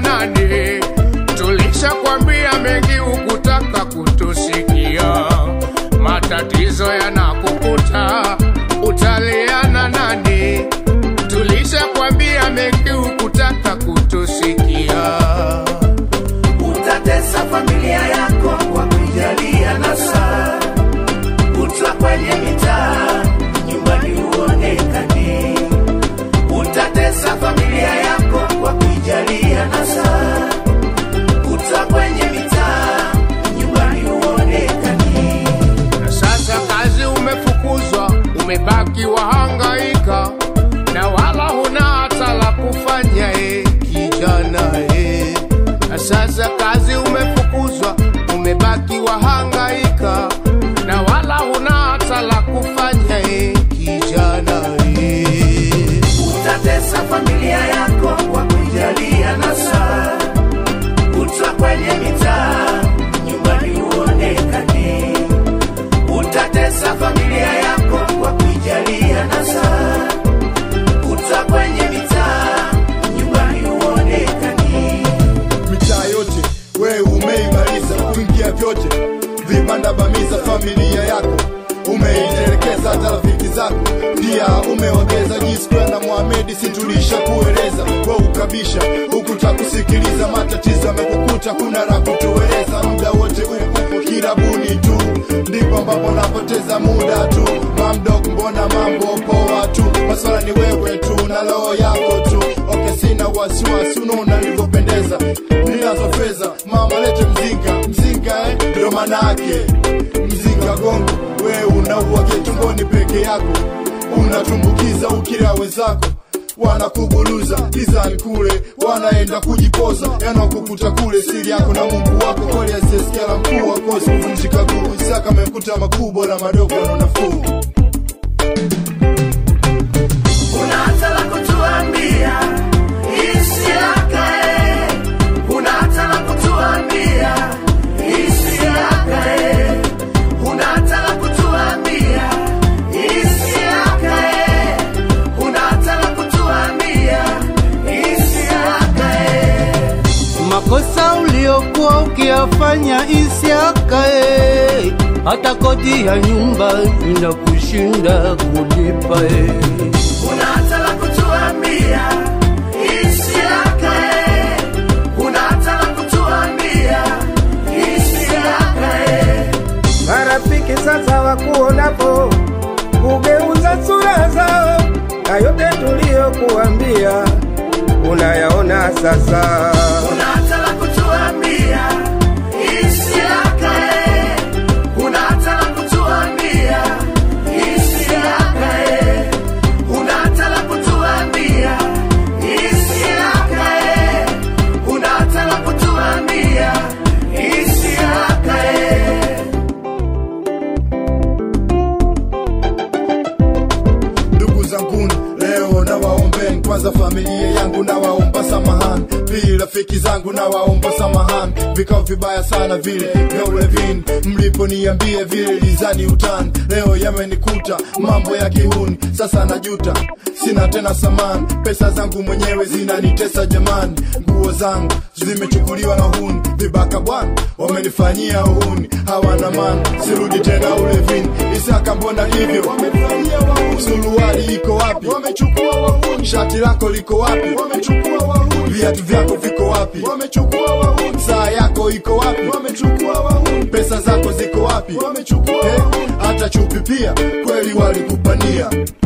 nani? tulisha Tulishakwambia mengi, ukutaka kutusikia, matatizo yanaku casa e uma é hata rafiki zako pia umeongeza na Muhamedi, situlisha kueleza kwa ukabisha huku takusikiliza, matatizo yamekukuta kuna ra kutueleza, muda wote upo kirabuni tu, ndipo ambapo napoteza muda tu. mamdog mbona mambo poa tu, maswala ni wewe tu na roho yako tu. Okay, sina wasiwasi, unaona nilivyopendeza, ninazo fedha, mama lete mzinga, mzinga eh, ndio manake tumboni peke yako unatumbukiza ukira wenzako wanakuguluza dizani kule wanaenda kujipoza yanakukuta kule siri yako na mungu wako kweli asiyesikia mkuu wakosi kuvunjika guu saka amekuta makubwa na madogo na yafanya isiakae, hata kodi ya nyumba inakushinda kushinda kulipae Una sasa kugeuza sura zao, na yote tuliyokuambia unayaona sasa. kwanza familia yangu na waomba samahani, pili rafiki zangu na waomba samahani, vikao vibaya sana vile vyolevini, mliponiambie vile lizani utani, leo yamenikuta mambo ya kihuni, sasa najuta sina tena samani, pesa zangu mwenyewe zinanitesa jamani, nguo zangu zimechukuliwa na huni, vibaka bwana wamenifanyia uhuni, hawana maana, sirudi tena ulevini. Isaka, mbona hivyo? Suruali iko wapi? Wamechukua shati lako liko wapi? Wamechukua wahuni. Viatu vyako viko wapi? Wamechukua wahuni. Saa yako iko wapi? Wamechukua wahuni. Pesa zako ziko wapi? Wamechukua. Eh, hata chupi pia kweli walikupania.